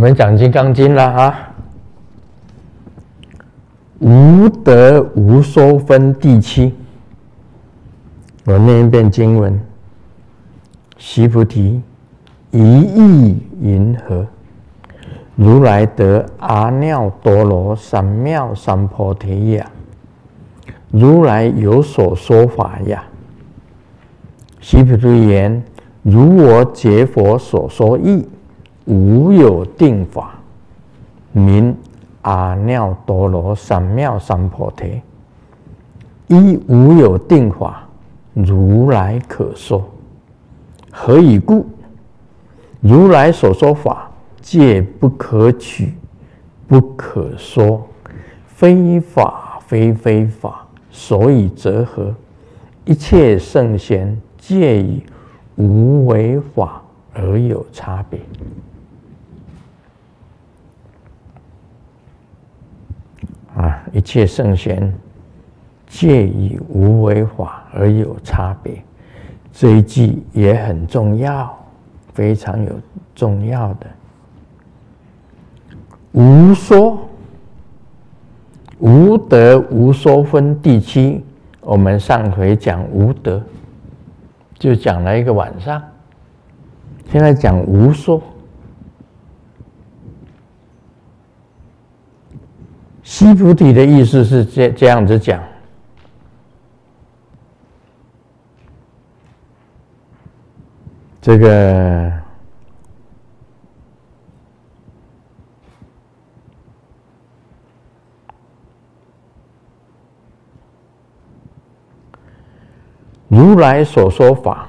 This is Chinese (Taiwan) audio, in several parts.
我們講《金剛經》了啊！無得無說分第七，我念一遍經文：“須菩提，於意云何？如來得阿耨多羅三藐三菩提呀！如來有所說法呀！須菩提言：如我解佛所說義。”無有定法，名阿耨多羅三藐三菩提。亦無有定法，如來可說。何以故？如來所說法，皆不可取，不可說，非法非非法。所以者何？一切聖賢，皆以無為法而有差別。啊！一切聖賢皆以無為法而有差別，這一句也很重要，非常有重要的。無說，無得，無說分第七，我們上回講無得，就講了一個晚上，現在講無說。須菩提的意思是這這樣子講，這個如來所說法，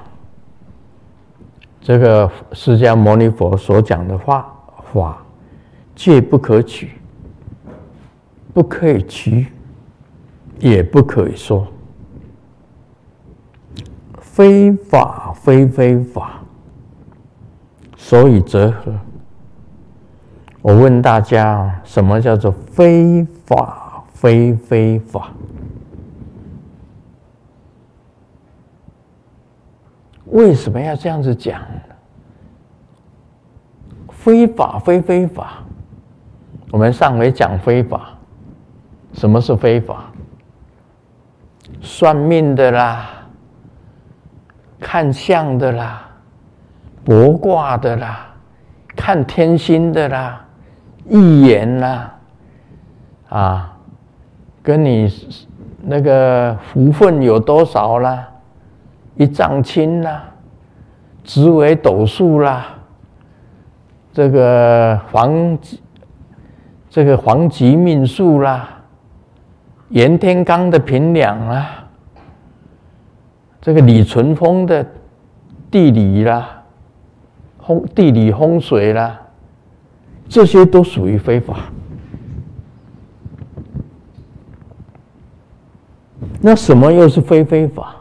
這個釋迦牟尼佛所講的話法，皆不可取。不可以取，也不可以說非法非非法，所以者何。我問大家什麼叫做非法非非法？為什麼要這樣子講呢？非法非非法，我們上回講非法。什麼是非法？算命的啦，看相的啦，卜卦的啦，看天星的啦，預言啦，啊，跟你那個福分有多少啦，一丈青啦，紫微斗數啦，這個黃，這個黃極命數啦。袁天罡的評兩啦，啊，這個李淳風的地理啦，啊，風地理風水啦，啊，這些都屬於非法。那什麼又是非非法？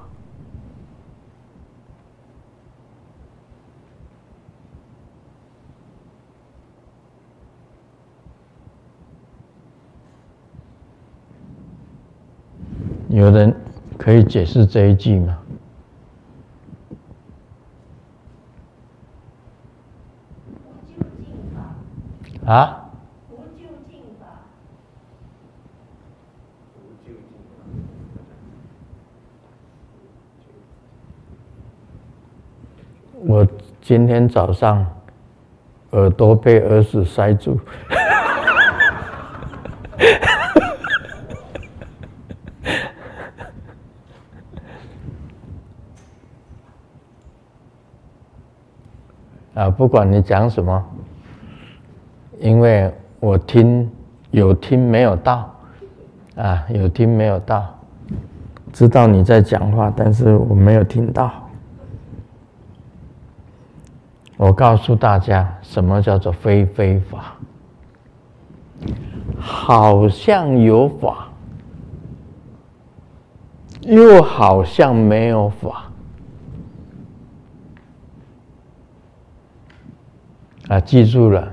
有人可以解釋這一句嗎？啊？我今天早上耳朵被耳屎塞住。啊，不管你講什麼，因為我聽，有聽沒有到，啊，有聽沒有到，知道你在講話，但是我沒有聽到。我告訴大家，什麼叫做非非法？好像有法，又好像沒有法。啊，記住了，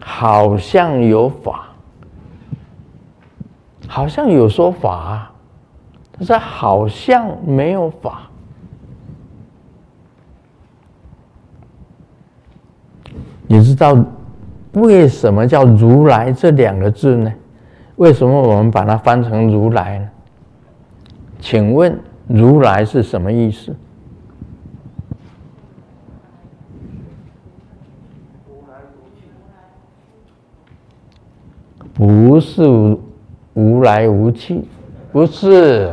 好像有法，好像有說法，但是好像沒有法。你知道為什麼叫如來這兩個字呢？為什麼我們把它翻成如來呢？請問如來是什麼意思？不是無，無來無去，不是。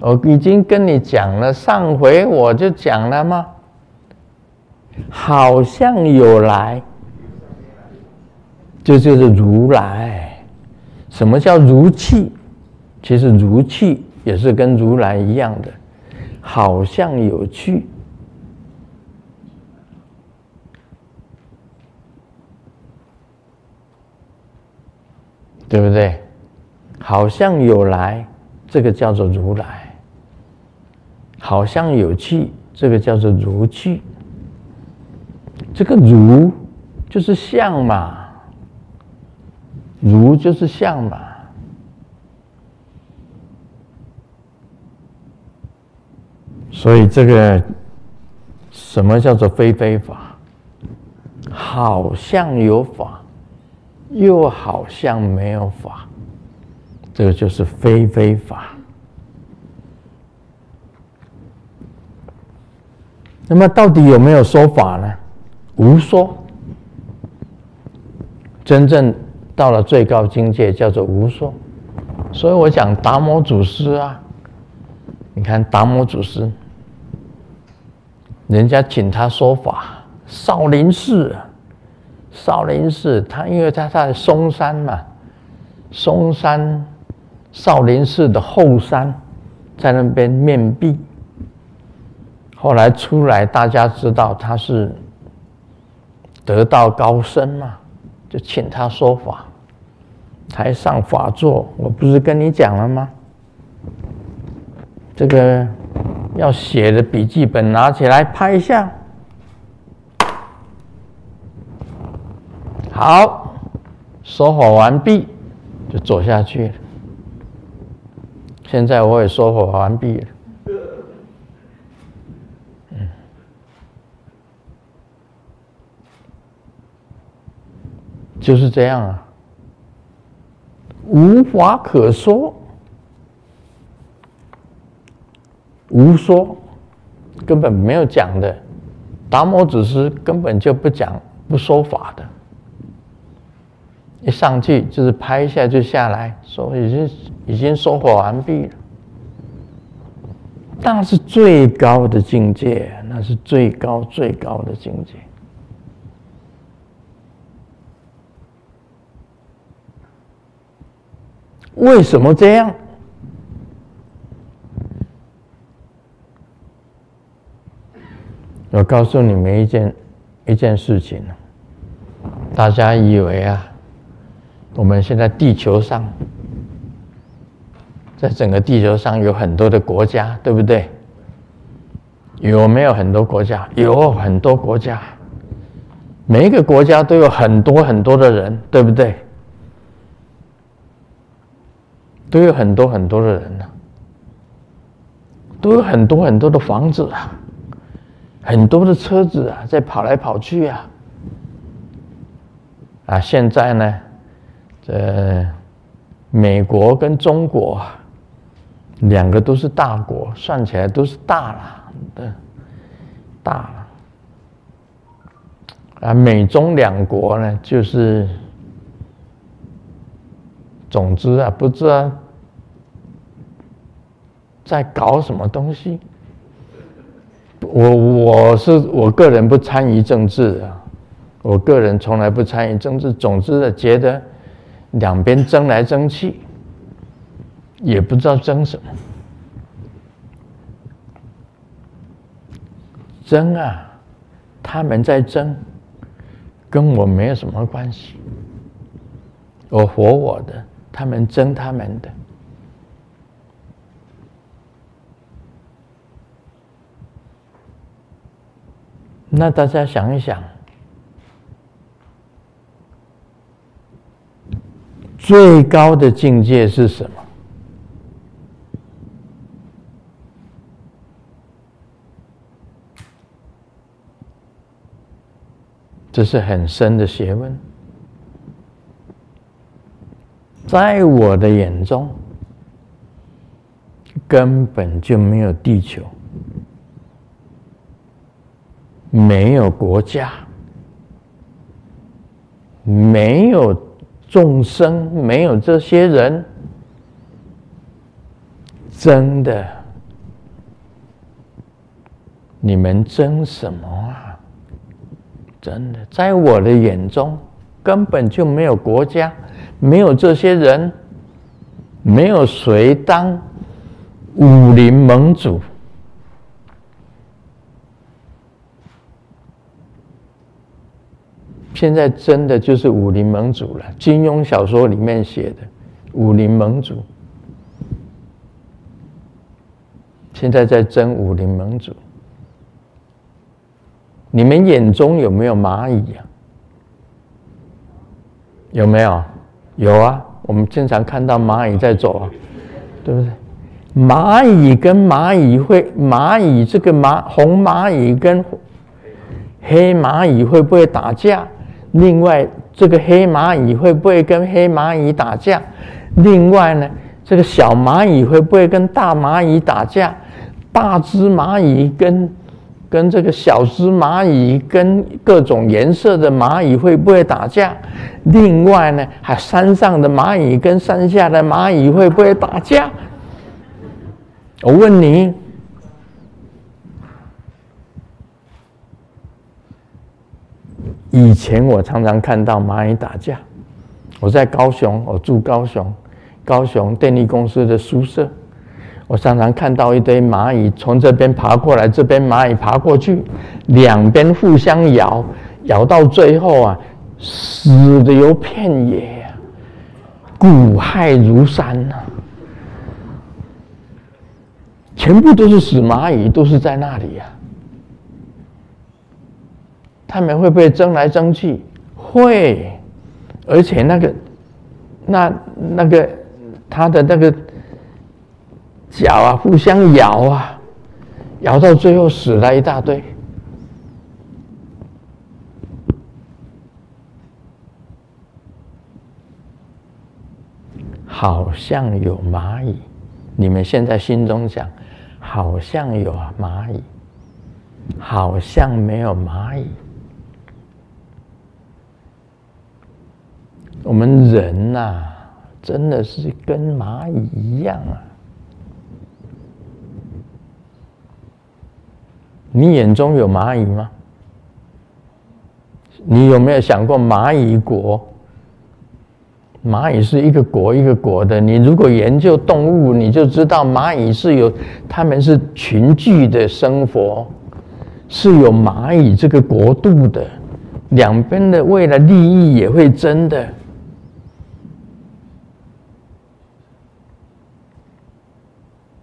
我已經跟你講了，上回我就講了嗎？好像有來，這就，就是如來。什麼叫如去？其實如去也是跟如來一樣的，好像有去。對不對？好像有來，這個叫做如來；好像有去，這個叫做如去。這個如就是相嘛，如就是相嘛。所以這個什麼叫做非非法？好像有法。又好像沒有法，這個就是非非法。那麼到底有沒有說法呢？無說。真正到了最高境界叫做無說。所以我講達摩祖師啊，你看達摩祖師，人家請他說法，少林寺。少林寺，他因為他在嵩山嘛，嵩山少林寺的後山，在那邊面壁。後來出來，大家知道他是得道高僧嘛，就請他說法，才上法座，我不是跟你講了嗎？這個要寫的筆記本拿起來拍一下。好，說法完畢，就走下去了。現在我也說法完畢了。就是這樣啊，無法可說，無說，根本沒有講的。達摩祖師根本就不講，不說法的。一上去就是拍一下就下來，收已經已經收穫完畢了。但是最高的境界，那是最高最高的境界。為什麼這樣？我告訴你們一件一件事情，大家以為啊。我們現在地球上，在整個地球上有很多的國家，對不對？有沒有很多國家？有很多國家，每一個國家都有很多很多的人，對不對？都有很多很多的人呢，啊。都有很多很多的房子啊，很多的車子啊，在跑來跑去啊，啊，現在呢？呃，美國跟中國，啊，兩個都是大國，算起來都是大了，對，大了。啊，美中兩國呢，就是總之啊，不知道在搞什麼東西。我我是我個人不參與政治啊，我個人從來不參與政治。總之呢，啊，覺得。兩邊爭來爭去，也不知道爭什麼。爭啊，他們在爭，跟我沒有什麼關係。我活我的，他們爭他們的。那大家想一想。最高的境界是什麼？這是很深的學問。在我的眼中，根本就沒有地球，沒有國家，沒有。眾生沒有這些人，真的，你們爭什麼啊？真的，在我的眼中，根本就沒有國家，沒有這些人，沒有誰當武林盟主。現在真的就是武林盟主了。金庸小說裡面寫的武林盟主，現在在爭武林盟主。你們眼中有沒有螞蟻啊？有沒有？有啊，我們經常看到螞蟻在走啊，對不對？螞蟻跟螞蟻會，螞蟻，這個螞，紅螞蟻跟黑螞蟻會不會打架？另外，這個黑螞蟻會不會跟黑螞蟻打架？另外呢，這個小螞蟻會不會跟大螞蟻打架？大只螞蟻跟跟這個小只螞蟻跟各種顏色的螞蟻會不會打架？另外呢，還有山上的螞蟻跟山下的螞蟻會不會打架？我問你。以前我常常看到螞蟻打架，我在高雄，我住高雄，高雄電力公司的宿舍，我常常看到一堆螞蟻從這邊爬過來，這邊螞蟻爬過去，兩邊互相咬，咬到最後啊，死的有遍野，骨骸如山吶、啊，全部都是死螞蟻，都是在那裡呀、啊。他們會不會爭來爭去？會，而且那個、那、那個他的那個腳啊，互相咬啊，咬到最後死了一大堆，好像有螞蟻。你們現在心中想，好像有、啊、螞蟻，好像沒有螞蟻。我們人吶、啊，真的是跟螞蟻一樣啊！你眼中有螞蟻嗎？你有沒有想過螞蟻國？螞蟻是一個國一個國的。你如果研究動物，你就知道螞蟻是有，他們是群聚的生活，是有螞蟻這個國度的。兩邊的為了利益也會爭的。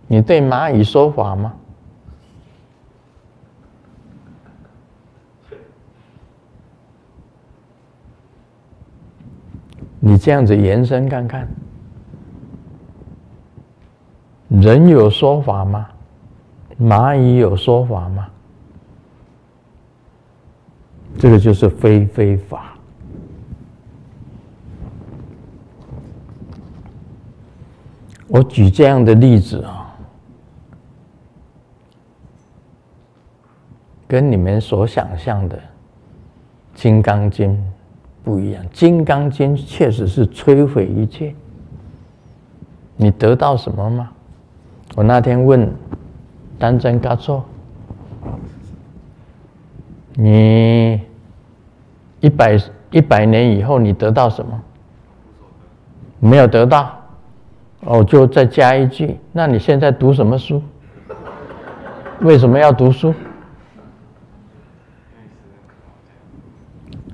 你對螞蟻說法嗎？你這樣子延伸看看，人有說法嗎？螞蟻有說法嗎？這個就是非非法。我舉這樣的例子啊。跟你們所想象的《金剛經》不一樣，《金剛經》確實是摧毀一切。你得到什麼嗎？我那天問丹增嘉措：“你一百一百年以後，你得到什麼？”沒有得到。哦，就再加一句：那你現在讀什麼書？為什麼要讀書？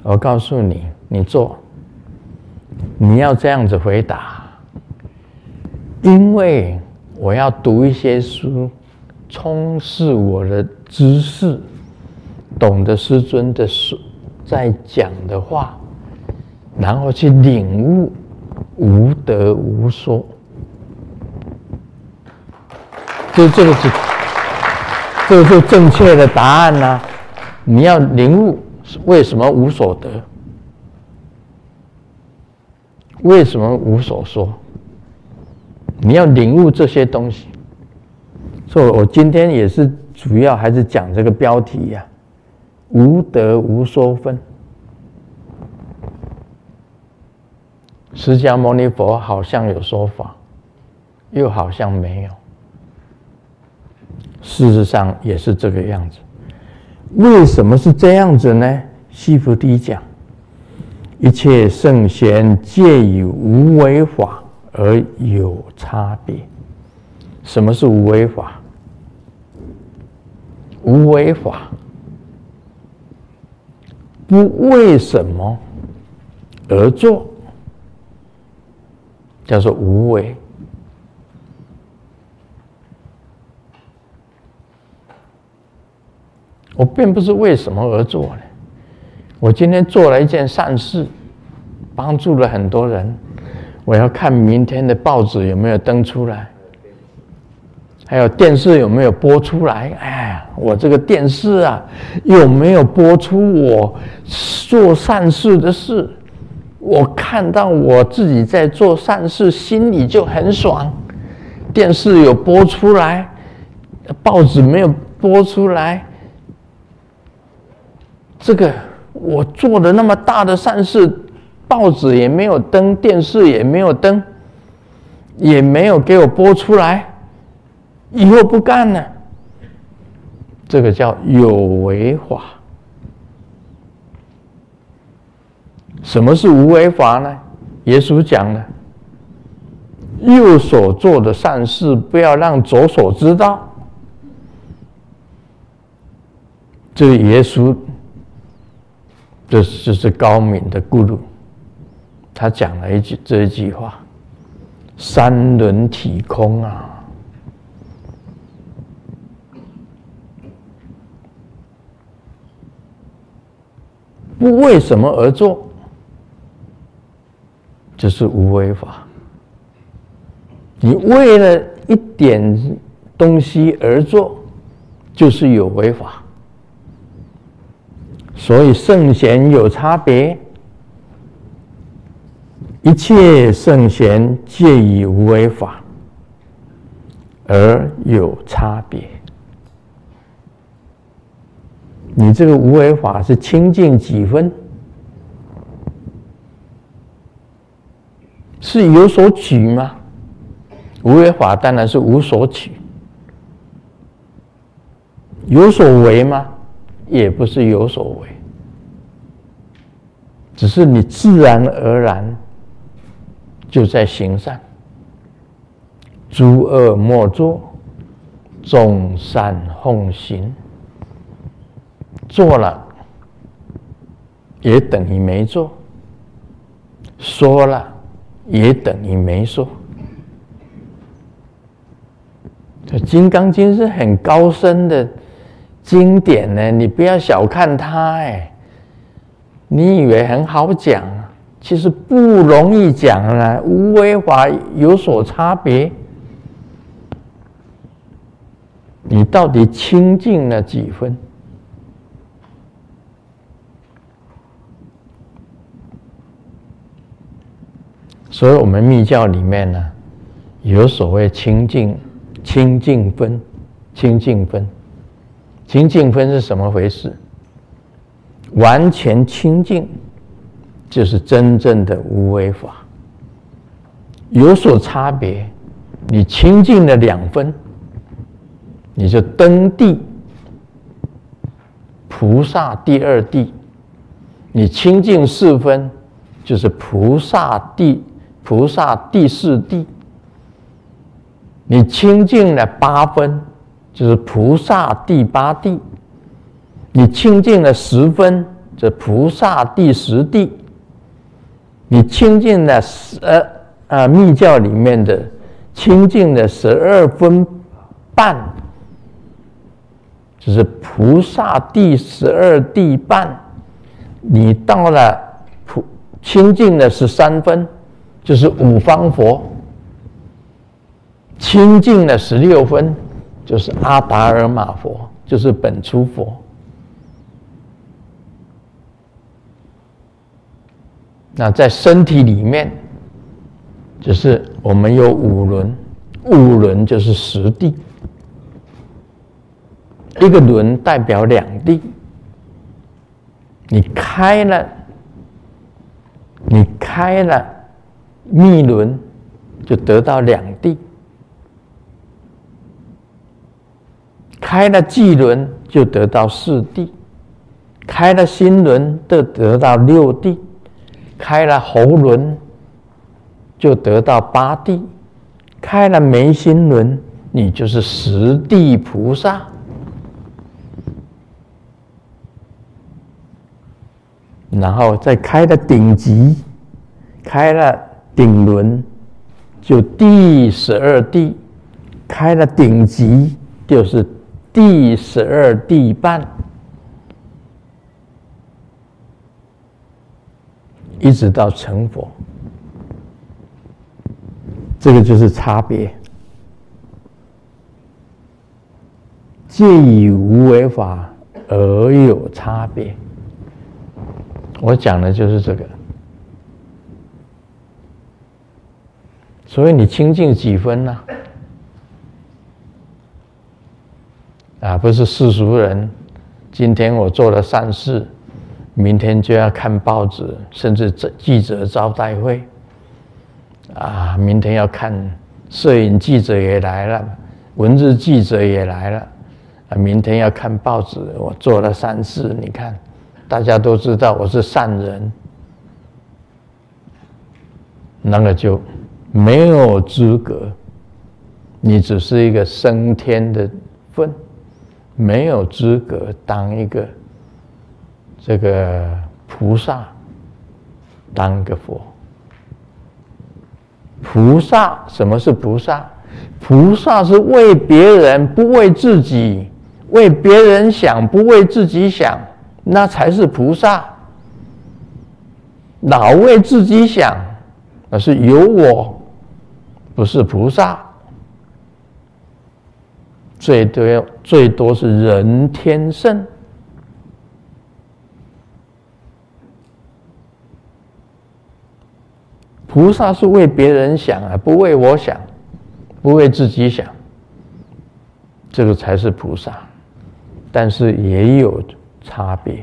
我告訴你，你做，你要這樣子回答，因為我要讀一些書，充實我的知識，懂得師尊的書在講的話，然後去領悟無得無說， 就是這個是，這個是正確的答案吶、啊，你要領悟。為什麼無所得？為什麼無所說？你要領悟這些東西。所以，我今天也是主要還是講這個標題呀、啊，無得無說分。釋迦牟尼佛好像有說法，又好像沒有。事實上也是這個樣子。為什麼是這樣子呢？須菩提講，一切聖賢皆以無為法而有差別。什麼是無為法？無為法不為什麼而做，叫做無為。我並不是為什麼而做呢？我今天做了一件善事，幫助了很多人。我要看明天的報紙有沒有登出來，還有電視有沒有播出來。哎，我這個電視啊，有沒有播出我做善事的事？我看到我自己在做善事，心裡就很爽。電視有播出來，報紙沒有播出來。這個我做的那麼大的善事，報紙也沒有登，電視也沒有登，也沒有給我播出來，以後不幹了。這個叫有為法。什麼是無為法呢？耶穌講的，右手做的善事，不要讓左手知道。這耶穌。這就是高明的 Guru 他講了一句這一句話：“三輪體空啊，不為什麼而做，就是無為法。你為了一點東西而做，就是有為法。”所以聖賢有差別，一切聖賢皆以無為法而有差別。你這個無為法是清淨幾分？是有所取嗎？無為法當然是無所取，有所為嗎？也不是有所為，只是你自然而然就在行善，諸惡莫作，眾善奉行。做了也等於沒做，說了也等於沒說。這《金剛經》是很高深的。經典呢，你不要小看它，哎，你以為很好講，其實不容易講呢。無為法，有所差別，你到底清淨了幾分？所以，我們密教裡面呢，有所謂清淨、清淨分、清淨分。清淨分是什麼回事？完全清淨就是真正的無為法。有所差別，你清淨了兩分，你就登地菩薩第二地；你清淨四分，就是菩薩地菩薩第四地；你清淨了八分。就是菩薩第八地，你清淨了十分，這、就是、菩薩第十地，你清淨了十啊，密教裡面的清淨了十二分半，就是菩薩第十二地半，你到了菩清淨了十三分，就是五方佛，清淨了十六分，就是阿達爾馬佛，就是本初佛。那在身體裡面，只、就是我們有五輪，五輪就是十地，一個輪代表兩地。你開了，你開了密輪，就得到兩地。開了臍輪，就得到四地，開了心輪就得到六地，開了喉輪就得到八地，開了眉心輪你就是十地菩薩，然後再開了頂級，開了頂輪就第十二地，開了頂級就是。第十二地半，一直到成佛，這個就是差別。皆以無為法而有差別，我講的就是這個。所以你清淨幾分呢、啊？啊，不是世俗人。今天我做了善事，明天就要看報紙，甚至記者招待會。啊，明天要看攝影記者也來了，文字記者也來了。啊，明天要看報紙，我做了善事，你看，大家都知道我是善人，那個就沒有資格，你只是一個升天的份。沒有資格當一個這個菩薩，當個佛。菩薩，什麼是菩薩？菩薩是為別人，不為自己；為別人想，不為自己想，那才是菩薩。老為自己想，而是有我，不是菩薩。最多，最多是人天聖，菩薩是為別人想啊，不為我想，不為自己想，這個才是菩薩，但是也有差別。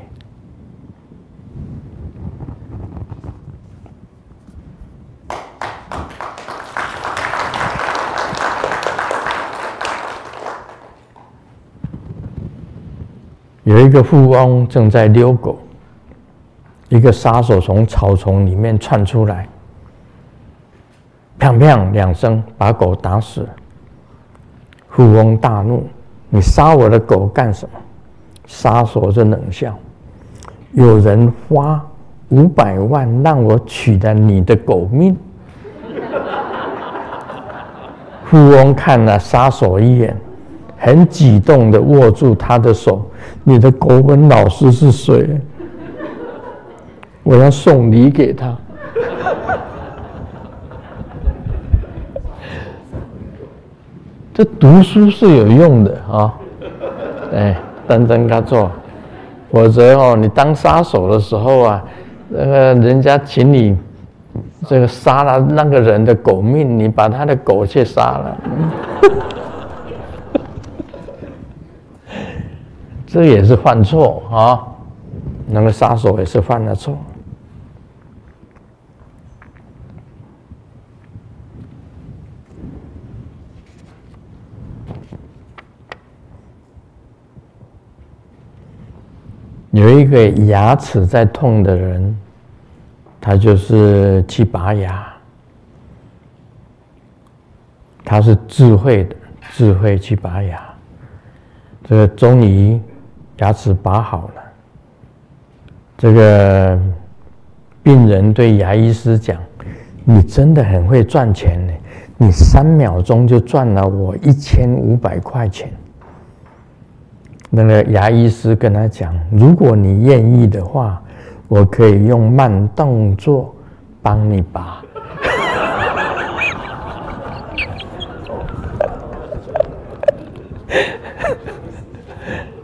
有一個富翁正在遛狗，一個殺手從草叢裡面竄出來，砰砰兩聲把狗打死。富翁大怒：“你殺我的狗幹什麼？”殺手就冷笑：“有人花五百萬讓我取了你的狗命。 ”富翁看了殺手一眼。很激動的握住他的手，你的國文老師是誰？我要送禮給他。 這讀書是有用的啊、哦！哎，等等。他做，否則哦，你當殺手的時候啊，那個人家請你這個殺了那個人的狗命，你把他的狗去殺了。 這也是犯錯啊！那個殺手也是犯了錯。有一個牙齒在痛的人，他就是去拔牙。他是智慧的，智慧去拔牙。這個中醫。牙齒拔好了，這個病人對牙醫師講：“你真的很會賺錢呢，你三秒鐘就賺了我一千五百塊錢。”那個牙醫師跟他講：“如果你願意的話，我可以用慢動作幫你拔。”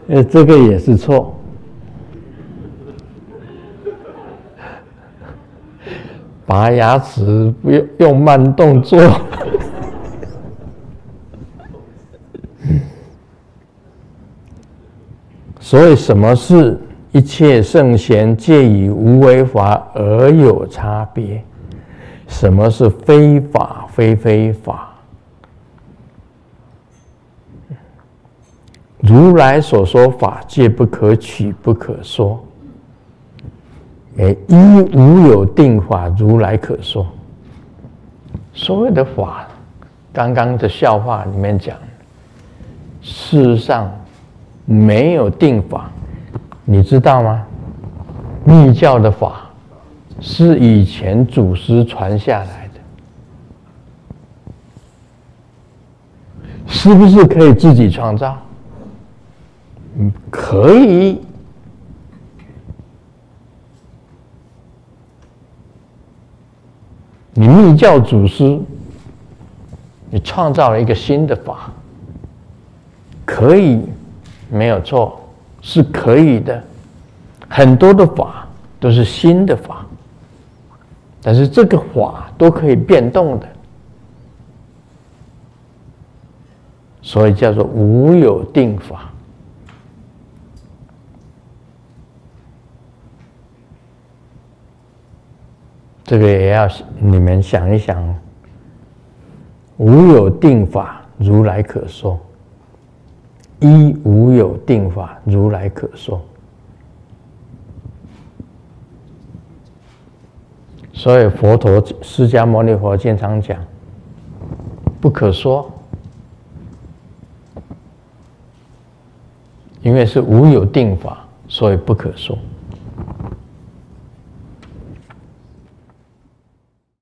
呃，這個也是錯。拔牙齒不用，用用慢動作。所以，什麼是一切聖賢皆以無為法而有差別？什麼是非法非非法？如來所說法，皆不可取，不可說。哎，亦無有定法，如來可說。所謂的法，剛剛的笑話裡面講，世上沒有定法，你知道嗎？密教的法是以前祖師傳下來的，是不是可以自己創造？你可以。你密教祖師，你創造了一個新的法，可以，沒有錯，是可以的。很多的法都是新的法，但是這個法都可以變動的，所以叫做無有定法。這個也要你們想一想，無有定法，如來可說；亦無有定法，如來可說。所以佛陀釋迦牟尼佛經常講，不可說，因為是無有定法，所以不可說。